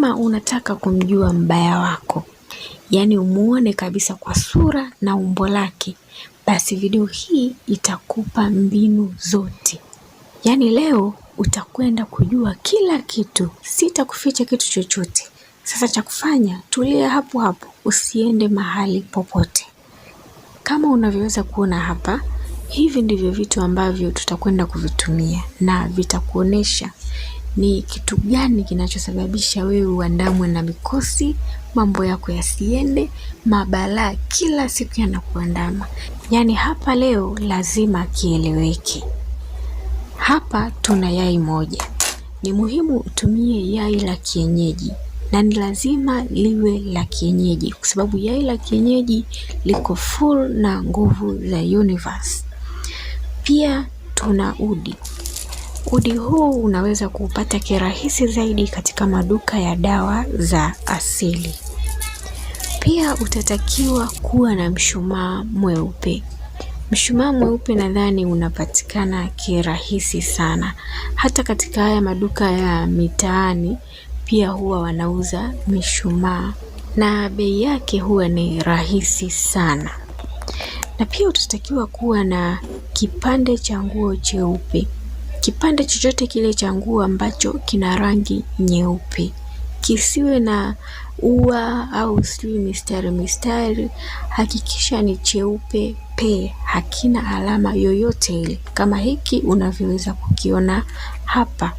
kama unataka kumjua mbaya wako, yaani umuone kabisa kwa sura na umbo lake, basi video hii itakupa mbinu zote. Yaani leo utakwenda kujua kila kitu, sitakuficha kitu chochote. Sasa cha kufanya, tulia hapo hapo, usiende mahali popote. Kama unavyoweza kuona hapa, hivi ndivyo vitu ambavyo tutakwenda kuvitumia na vitakuonesha ni kitu gani kinachosababisha wewe uandamwe na mikosi, mambo yako yasiende, mabalaa kila siku yanakuandama. Yaani hapa leo lazima kieleweke. Hapa tuna yai moja. Ni muhimu utumie yai la kienyeji na ni lazima liwe la kienyeji, kwa sababu yai la kienyeji liko full na nguvu za universe. Pia tuna udi. Udi huu unaweza kuupata kirahisi zaidi katika maduka ya dawa za asili. Pia utatakiwa kuwa na mshumaa mweupe. Mshumaa mweupe nadhani unapatikana kirahisi sana, hata katika haya maduka ya mitaani pia huwa wanauza mishumaa na bei yake huwa ni rahisi sana. Na pia utatakiwa kuwa na kipande cha nguo cheupe. Kipande chochote kile cha nguo ambacho kina rangi nyeupe kisiwe na ua au sijui mistari mistari, hakikisha ni cheupe pe, hakina alama yoyote ile kama hiki unavyoweza kukiona hapa.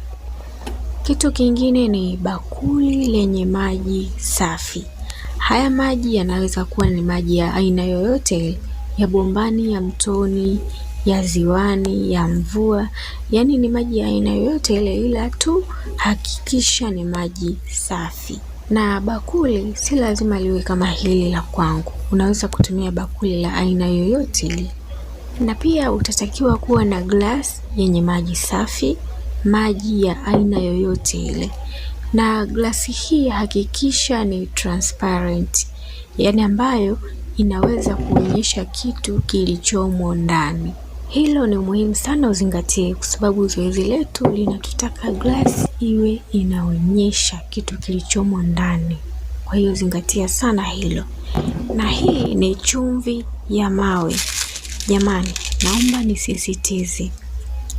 Kitu kingine ni bakuli lenye maji safi. Haya maji yanaweza kuwa ni maji ya aina yoyote ya bombani, ya mtoni, ya ziwani, ya mvua, yaani ni maji ya aina yoyote ile, ila tu hakikisha ni maji safi. Na bakuli si lazima liwe kama hili la kwangu, unaweza kutumia bakuli la aina yoyote ile. Na pia utatakiwa kuwa na glasi yenye maji safi, maji ya aina yoyote ile, na glasi hii hakikisha ni transparent, yaani ambayo inaweza kuonyesha kitu kilichomo ndani. Hilo ni muhimu sana uzingatie, kwa sababu zoezi letu linatutaka glasi iwe inaonyesha kitu kilichomo ndani. Kwa hiyo zingatia sana hilo. Na hii ni chumvi ya mawe. Jamani, naomba nisisitize,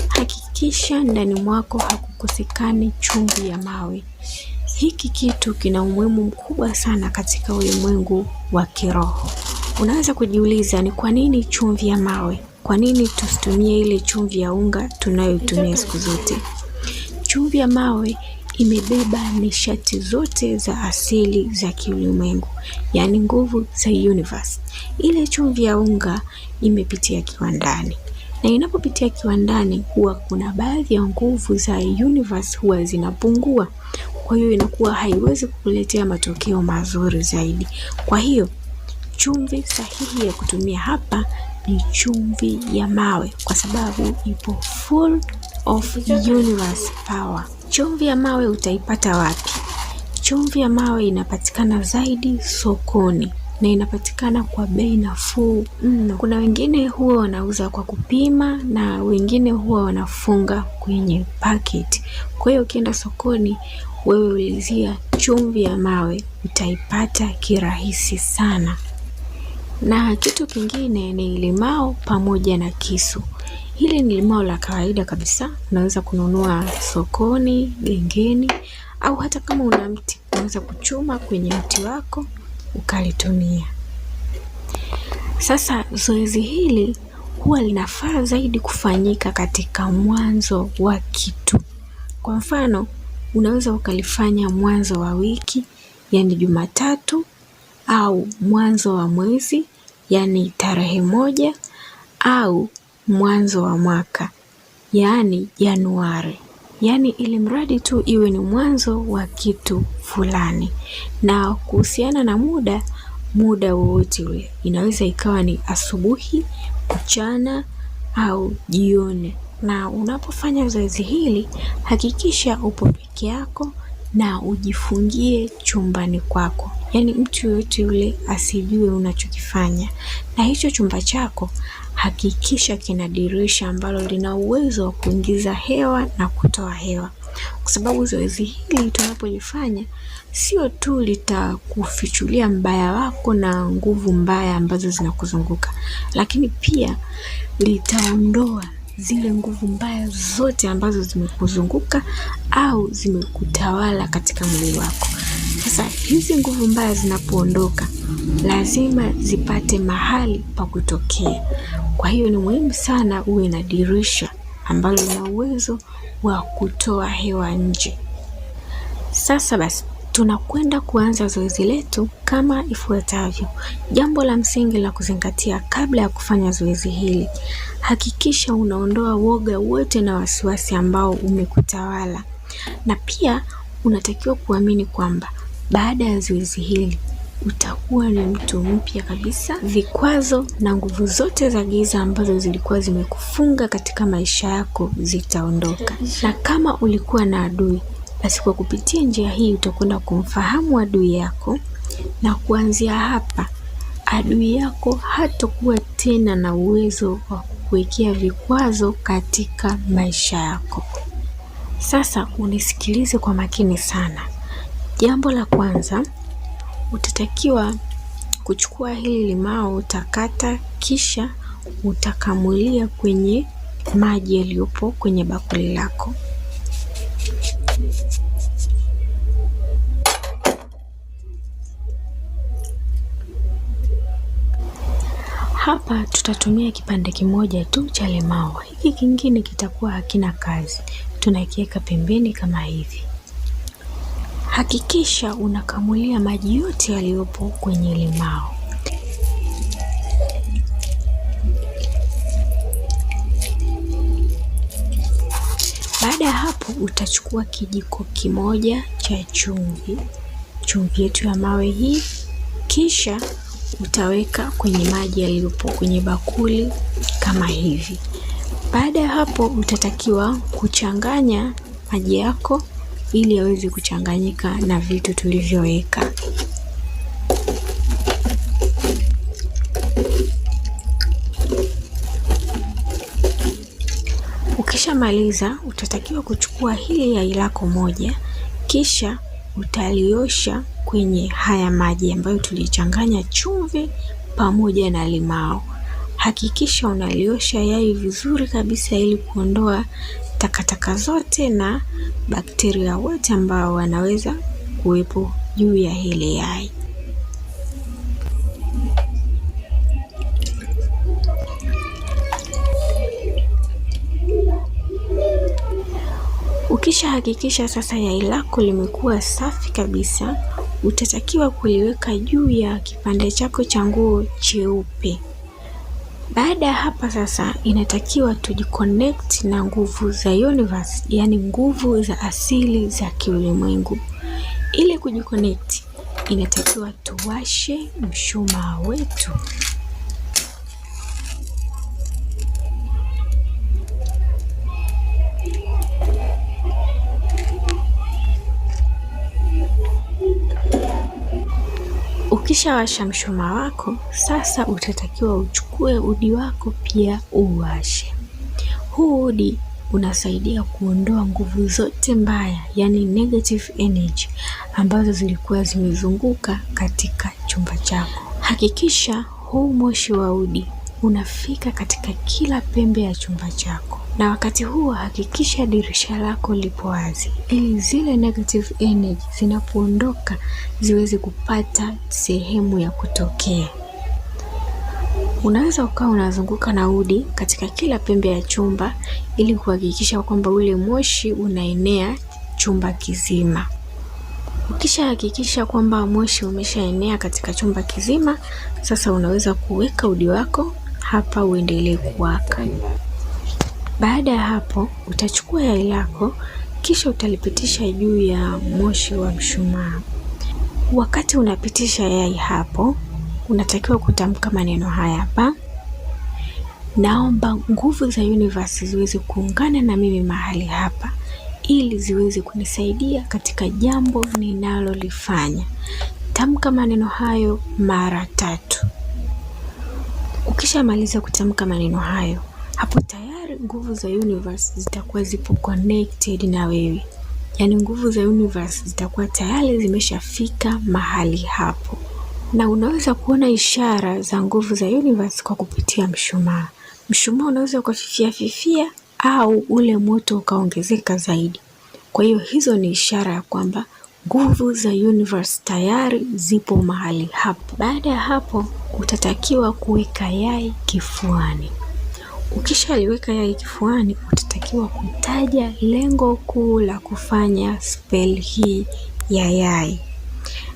hakikisha ndani mwako hakukosekani chumvi ya mawe. Hiki kitu kina umuhimu mkubwa sana katika ulimwengu wa kiroho. Unaweza kujiuliza ni kwa nini chumvi ya mawe? Kwa nini tusitumie ile chumvi ya unga tunayotumia siku zote? Chumvi ya mawe imebeba nishati zote za asili za kiulimwengu, yaani nguvu za universe. Ile chumvi ya unga imepitia kiwandani, na inapopitia kiwandani, huwa kuna baadhi ya nguvu za universe huwa zinapungua, kwa hiyo inakuwa haiwezi kukuletea matokeo mazuri zaidi. Kwa hiyo chumvi sahihi ya kutumia hapa ni chumvi ya mawe kwa sababu ipo full of universe power. Chumvi ya mawe utaipata wapi? Chumvi ya mawe inapatikana zaidi sokoni na inapatikana kwa bei nafuu mno. Kuna wengine huwa wanauza kwa kupima na wengine huwa wanafunga kwenye paketi. Kwa hiyo ukienda sokoni, wewe ulizia chumvi ya mawe utaipata kirahisi sana na kitu kingine ni limao pamoja na kisu. Hili ni limao la kawaida kabisa, unaweza kununua sokoni, gengeni, au hata kama una mti unaweza kuchuma kwenye mti wako ukalitumia. Sasa zoezi hili huwa linafaa zaidi kufanyika katika mwanzo wa kitu. Kwa mfano, unaweza ukalifanya mwanzo wa wiki, yani Jumatatu au mwanzo wa mwezi yaani tarehe moja au mwanzo wa mwaka yaani Januari, yaani ili mradi tu iwe ni mwanzo wa kitu fulani. Na kuhusiana na muda, muda wowote ule, inaweza ikawa ni asubuhi, mchana au jioni. Na unapofanya zoezi hili, hakikisha upo peke yako na ujifungie chumbani kwako, yaani mtu yoyote yule asijue unachokifanya. Na hicho chumba chako hakikisha kina dirisha ambalo lina uwezo wa kuingiza hewa na kutoa hewa, kwa sababu zoezi hili tunapolifanya sio tu litakufichulia mbaya wako na nguvu mbaya ambazo zinakuzunguka, lakini pia litaondoa zile nguvu mbaya zote ambazo zimekuzunguka au zimekutawala katika mwili wako. Sasa hizi nguvu mbaya zinapoondoka, lazima zipate mahali pa kutokea. Kwa hiyo ni muhimu sana uwe na dirisha ambalo lina uwezo wa kutoa hewa nje. Sasa basi Tunakwenda kuanza zoezi letu kama ifuatavyo. Jambo la msingi la kuzingatia kabla ya kufanya zoezi hili, hakikisha unaondoa woga wote na wasiwasi ambao umekutawala, na pia unatakiwa kuamini kwamba baada ya zoezi hili utakuwa ni mtu mpya kabisa. Vikwazo na nguvu zote za giza ambazo zilikuwa zimekufunga katika maisha yako zitaondoka, na kama ulikuwa na adui basi kwa kupitia njia hii utakwenda kumfahamu adui yako, na kuanzia hapa adui yako hatakuwa tena na uwezo wa kuwekea vikwazo katika maisha yako. Sasa unisikilize kwa makini sana. Jambo la kwanza utatakiwa kuchukua hili limao, utakata kisha utakamulia kwenye maji yaliyopo kwenye bakuli lako. Hapa tutatumia kipande kimoja tu cha limao, hiki kingine kitakuwa hakina kazi, tunakiweka pembeni kama hivi. Hakikisha unakamulia maji yote yaliyopo kwenye limao. Baada ya hapo, utachukua kijiko kimoja cha chumvi, chumvi yetu ya mawe hii, kisha utaweka kwenye maji yaliyopo kwenye bakuli kama hivi. Baada ya hapo, utatakiwa kuchanganya maji yako ili yaweze kuchanganyika na vitu tulivyoweka. Ukishamaliza, utatakiwa kuchukua hili yai lako moja, kisha utaliosha kwenye haya maji ambayo tulichanganya chumvi pamoja na limao. Hakikisha unaliosha yai vizuri kabisa ili kuondoa takataka zote na bakteria wote ambao wanaweza kuwepo juu ya hili yai. Ukisha hakikisha sasa yai lako limekuwa safi kabisa, utatakiwa kuliweka juu ya kipande chako cha nguo cheupe. Baada ya hapa sasa, inatakiwa tujiconnect na nguvu za universe, yaani nguvu za asili za kiulimwengu. Ili kujiconnect, inatakiwa tuwashe mshumaa wetu. washa mshumaa wako sasa, utatakiwa uchukue udi wako pia uwashe. Huu udi unasaidia kuondoa nguvu zote mbaya, yani negative energy ambazo zilikuwa zimezunguka katika chumba chako. Hakikisha huu moshi wa udi unafika katika kila pembe ya chumba chako na wakati huo hakikisha dirisha lako lipo wazi ili zile negative energy zinapoondoka ziweze kupata sehemu ya kutokea. Unaweza ukawa unazunguka na udi katika kila pembe ya chumba ili kuhakikisha kwamba ule moshi unaenea chumba kizima. Ukishahakikisha kwamba moshi umeshaenea katika chumba kizima, sasa unaweza kuweka udi wako hapa uendelee kuwaka. Baada ya hapo utachukua yai lako kisha utalipitisha juu ya moshi wa mshumaa. Wakati unapitisha yai hapo, unatakiwa kutamka maneno haya hapa: naomba nguvu za universe ziweze kuungana na mimi mahali hapa ili ziweze kunisaidia katika jambo ninalolifanya. Tamka maneno hayo mara tatu. Ukishamaliza kutamka maneno hayo hapo tayari tayari nguvu za universe zitakuwa zipo connected na wewe, yaani nguvu za universe zitakuwa tayari zimeshafika mahali hapo, na unaweza kuona ishara za nguvu za universe kwa kupitia mshumaa. Mshumaa unaweza ukafifia fifia au ule moto ukaongezeka zaidi. Kwa hiyo hizo ni ishara ya kwamba nguvu za universe tayari zipo mahali hapo. Baada ya hapo, utatakiwa kuweka yai kifuani. Ukishaliweka yai kifuani, utatakiwa kutaja lengo kuu la kufanya spell hii ya yai,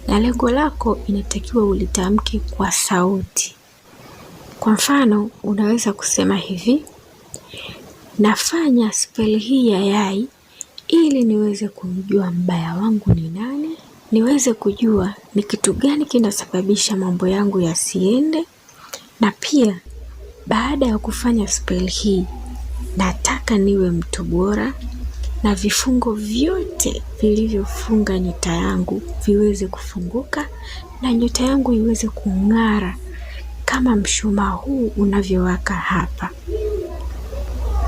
na lengo lako inatakiwa ulitamke kwa sauti. Kwa mfano, unaweza kusema hivi: nafanya spell hii ya yai ili niweze kumjua mbaya wangu ni nani, niweze kujua ni kitu gani kinasababisha mambo yangu yasiende, na pia baada ya kufanya spell hii, nataka niwe mtu bora na vifungo vyote vilivyofunga nyota yangu viweze kufunguka na nyota yangu iweze kung'ara kama mshumaa huu unavyowaka hapa.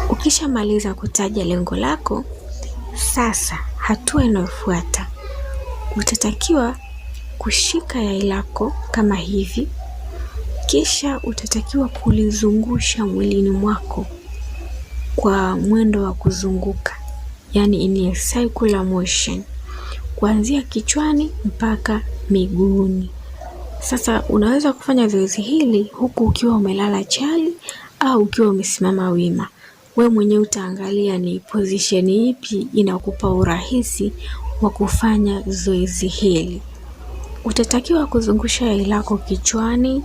Ukishamaliza kutaja lengo lako, sasa hatua inayofuata utatakiwa kushika yai lako kama hivi kisha utatakiwa kulizungusha mwilini mwako kwa mwendo wa kuzunguka, yani in a circular motion, kuanzia kichwani mpaka miguuni. Sasa unaweza kufanya zoezi hili huku ukiwa umelala chali au ukiwa umesimama wima. We mwenyewe utaangalia ni position ipi inakupa urahisi wa kufanya zoezi hili. Utatakiwa kuzungusha yai lako kichwani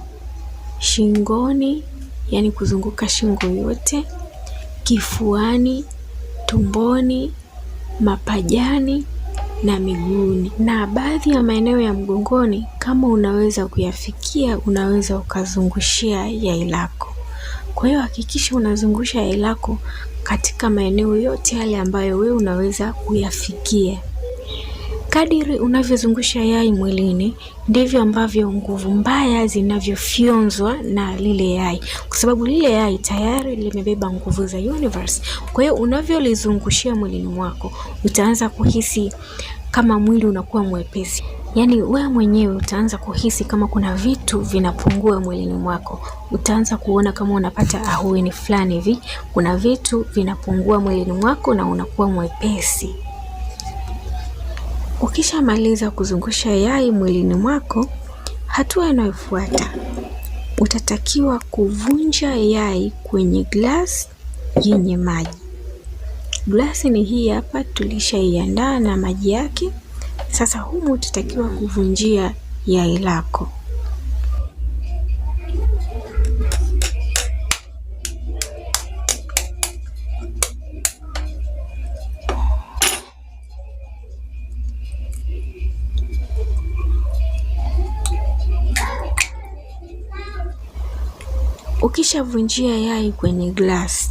shingoni, yani kuzunguka shingo yote, kifuani, tumboni, mapajani na miguuni, na baadhi ya maeneo ya mgongoni kama unaweza kuyafikia, unaweza ukazungushia yai lako. Kwa hiyo hakikisha unazungusha yai lako katika maeneo yote yale ambayo wewe unaweza kuyafikia. Kadiri unavyozungusha yai mwilini ndivyo ambavyo nguvu mbaya zinavyofyonzwa na lile yai, kwa sababu lile yai tayari limebeba nguvu za universe. Kwa hiyo unavyolizungushia mwilini mwako utaanza kuhisi kama mwili unakuwa mwepesi, yaani wewe mwenyewe utaanza kuhisi kama kuna vitu vinapungua mwilini mwako. Utaanza kuona kama unapata ahueni fulani hivi, kuna vitu vinapungua mwilini mwako na unakuwa mwepesi. Ukishamaliza kuzungusha yai mwilini mwako, hatua inayofuata utatakiwa kuvunja yai kwenye glasi yenye maji. Glasi ni hii hapa, tulishaiandaa na maji yake. Sasa humu utatakiwa kuvunjia yai lako. kisha vunjia yai kwenye glasi.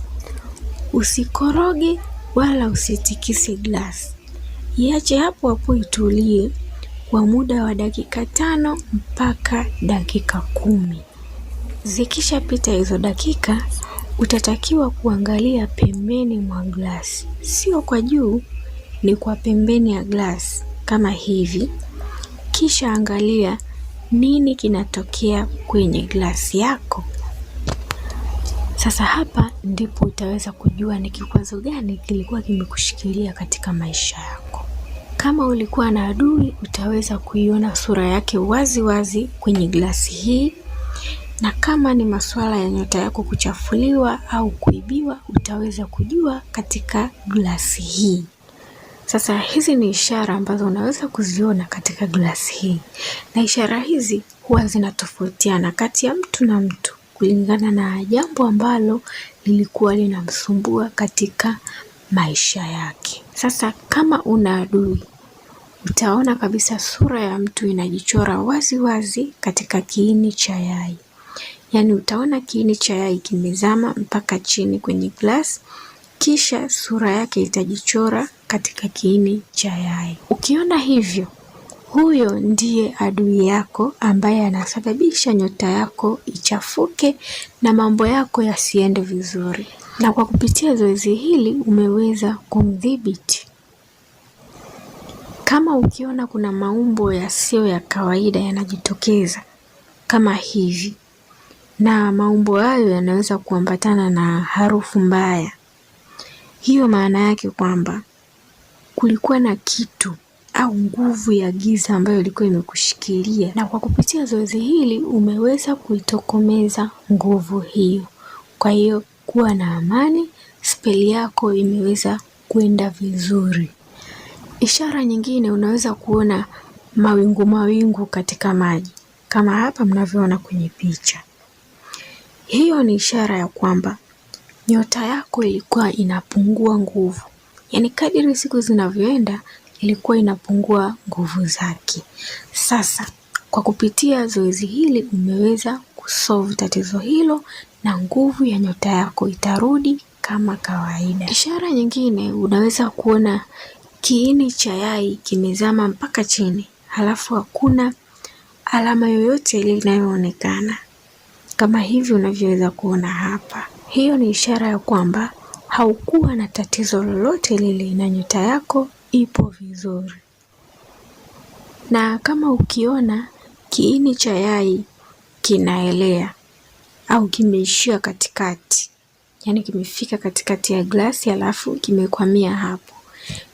Usikoroge wala usitikise glasi. Iache hapo hapo itulie kwa muda wa dakika tano mpaka dakika kumi. Zikishapita hizo dakika, utatakiwa kuangalia pembeni mwa glasi, sio kwa juu, ni kwa pembeni ya glasi kama hivi. Kisha angalia nini kinatokea kwenye glasi yako. Sasa hapa ndipo utaweza kujua ni kikwazo gani kilikuwa kimekushikilia katika maisha yako. Kama ulikuwa na adui, utaweza kuiona sura yake wazi wazi kwenye glasi hii, na kama ni masuala ya nyota yako kuchafuliwa au kuibiwa, utaweza kujua katika glasi hii. Sasa hizi ni ishara ambazo unaweza kuziona katika glasi hii, na ishara hizi huwa zinatofautiana kati ya mtu na mtu kulingana na jambo ambalo lilikuwa linamsumbua katika maisha yake. Sasa kama una adui, utaona kabisa sura ya mtu inajichora wazi wazi katika kiini cha yai, yaani utaona kiini cha yai kimezama mpaka chini kwenye glasi, kisha sura yake itajichora katika kiini cha yai. Ukiona hivyo huyo ndiye adui yako ambaye anasababisha nyota yako ichafuke na mambo yako yasiende vizuri, na kwa kupitia zoezi hili umeweza kumdhibiti. Kama ukiona kuna maumbo yasiyo ya kawaida yanajitokeza kama hivi, na maumbo hayo yanaweza kuambatana na harufu mbaya, hiyo maana yake kwamba kulikuwa na kitu au nguvu ya giza ambayo ilikuwa imekushikilia, na kwa kupitia zoezi hili umeweza kuitokomeza nguvu hiyo. Kwa hiyo kuwa na amani, speli yako imeweza kwenda vizuri. Ishara nyingine unaweza kuona mawingu mawingu katika maji kama hapa mnavyoona kwenye picha. Hiyo ni ishara ya kwamba nyota yako ilikuwa inapungua nguvu, yaani kadiri siku zinavyoenda ilikuwa inapungua nguvu zake. Sasa kwa kupitia zoezi hili umeweza kusolve tatizo hilo na nguvu ya nyota yako itarudi kama kawaida. Ishara nyingine unaweza kuona kiini cha yai kimezama mpaka chini, halafu hakuna alama yoyote ile inayoonekana kama hivi unavyoweza kuona hapa. Hiyo ni ishara ya kwamba haukuwa na tatizo lolote lile na nyota yako ipo vizuri. Na kama ukiona kiini cha yai kinaelea au kimeishia katikati, yaani kimefika katikati ya glasi alafu kimekwamia hapo,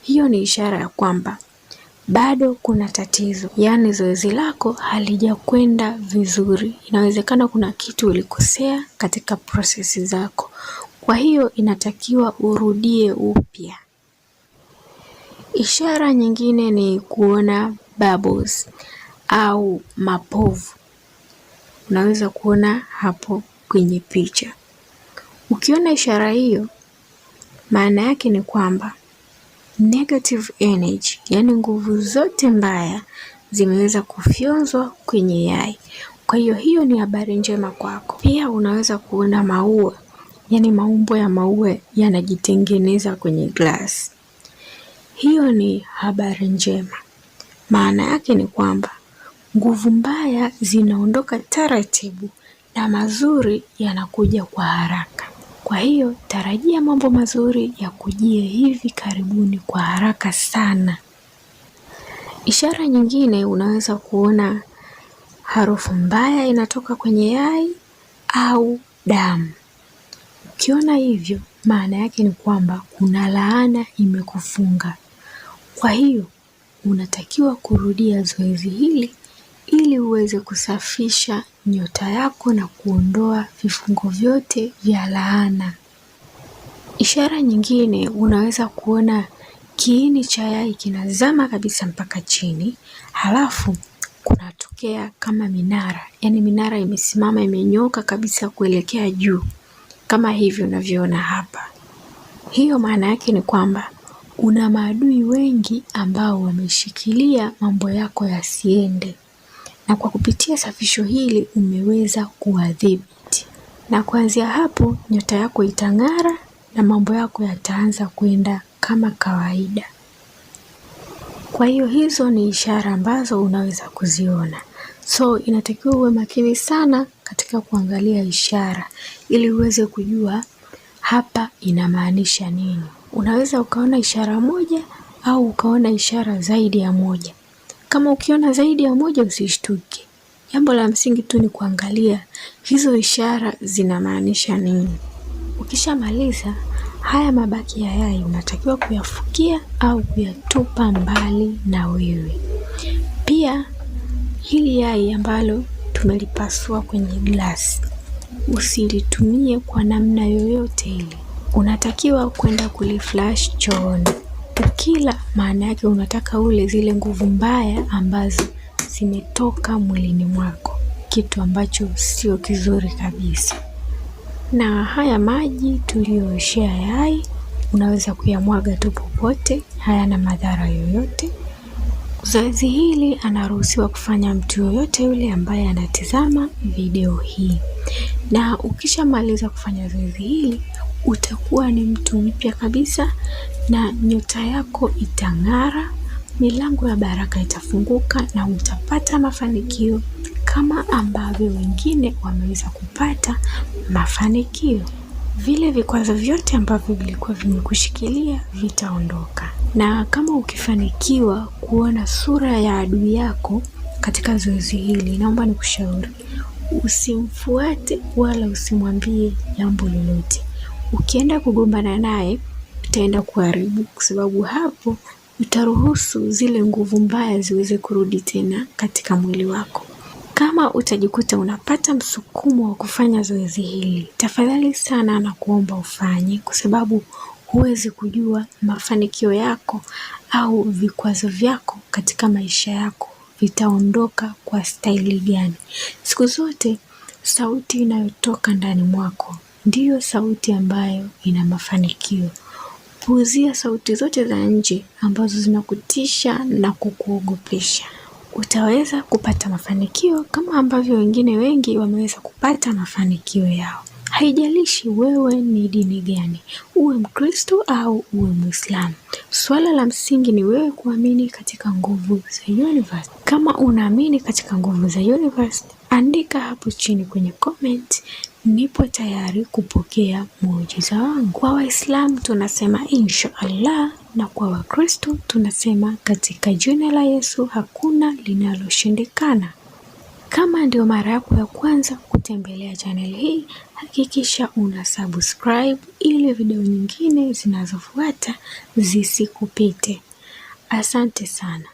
hiyo ni ishara ya kwamba bado kuna tatizo, yaani zoezi lako halijakwenda vizuri. Inawezekana kuna kitu ulikosea katika prosesi zako, kwa hiyo inatakiwa urudie upya. Ishara nyingine ni kuona bubbles au mapovu. Unaweza kuona hapo kwenye picha. Ukiona ishara hiyo maana yake ni kwamba negative energy, yaani nguvu zote mbaya zimeweza kufyonzwa kwenye yai. Kwa hiyo hiyo ni habari njema kwako. Pia unaweza kuona maua, yaani maumbo ya maua yanajitengeneza kwenye glass. Hiyo ni habari njema. Maana yake ni kwamba nguvu mbaya zinaondoka taratibu na mazuri yanakuja kwa haraka. Kwa hiyo tarajia mambo mazuri yakujie hivi karibuni kwa haraka sana. Ishara nyingine unaweza kuona harufu mbaya inatoka kwenye yai au damu. Ukiona hivyo, maana yake ni kwamba kuna laana imekufunga. Kwa hiyo unatakiwa kurudia zoezi hili ili uweze kusafisha nyota yako na kuondoa vifungo vyote vya laana. Ishara nyingine unaweza kuona kiini cha yai kinazama kabisa mpaka chini, halafu kunatokea kama minara, yaani minara imesimama imenyoka kabisa kuelekea juu kama hivi unavyoona hapa. Hiyo maana yake ni kwamba una maadui wengi ambao wameshikilia mambo yako yasiende, na kwa kupitia safisho hili umeweza kuwadhibiti, na kuanzia hapo nyota yako itang'ara na mambo yako yataanza kwenda kama kawaida. Kwa hiyo hizo ni ishara ambazo unaweza kuziona, so inatakiwa uwe makini sana katika kuangalia ishara ili uweze kujua hapa inamaanisha nini unaweza ukaona ishara moja au ukaona ishara zaidi ya moja. Kama ukiona zaidi ya moja, usishtuke. Jambo la msingi tu ni kuangalia hizo ishara zinamaanisha nini. Ukishamaliza, haya mabaki ya yai unatakiwa kuyafukia au kuyatupa mbali na wewe. Pia hili yai ambalo tumelipasua kwenye glasi usilitumie kwa namna yoyote ile unatakiwa kwenda kuliflush chooni. Ukila maana yake unataka ule zile nguvu mbaya ambazo zimetoka mwilini mwako, kitu ambacho sio kizuri kabisa. Na haya maji tuliyoshia yai unaweza kuyamwaga tu popote, hayana madhara yoyote. Zoezi hili anaruhusiwa kufanya mtu yoyote yule ambaye anatizama video hii, na ukishamaliza kufanya zoezi hili utakuwa ni mtu mpya kabisa, na nyota yako itang'ara, milango ya baraka itafunguka, na utapata mafanikio kama ambavyo wengine wameweza kupata mafanikio. Vile vikwazo vyote ambavyo vilikuwa vimekushikilia vitaondoka, na kama ukifanikiwa kuona sura ya adui yako katika zoezi hili, naomba nikushauri usimfuate wala usimwambie jambo lolote. Ukienda kugombana naye utaenda kuharibu kwa sababu hapo utaruhusu zile nguvu mbaya ziweze kurudi tena katika mwili wako. Kama utajikuta unapata msukumo wa kufanya zoezi hili, tafadhali sana na kuomba ufanye, kwa sababu huwezi kujua mafanikio yako au vikwazo vyako katika maisha yako vitaondoka kwa staili gani. Siku zote sauti inayotoka ndani mwako ndiyo sauti ambayo ina mafanikio. Puuzia sauti zote za nje ambazo zinakutisha na kukuogopesha. Utaweza kupata mafanikio kama ambavyo wengine wengi wameweza kupata mafanikio yao. Haijalishi wewe ni dini gani, uwe Mkristo au uwe Mwislamu. Swala la msingi ni wewe kuamini katika nguvu za universe. Kama unaamini katika nguvu za universe, andika hapo chini kwenye comment nipo tayari kupokea muujiza wangu. Kwa Waislamu tunasema insha Allah, na kwa Wakristo tunasema katika jina la Yesu hakuna linaloshindikana. Kama ndio mara yako ya kwanza kutembelea channel hii, hakikisha una subscribe ili video nyingine zinazofuata zisikupite. Asante sana.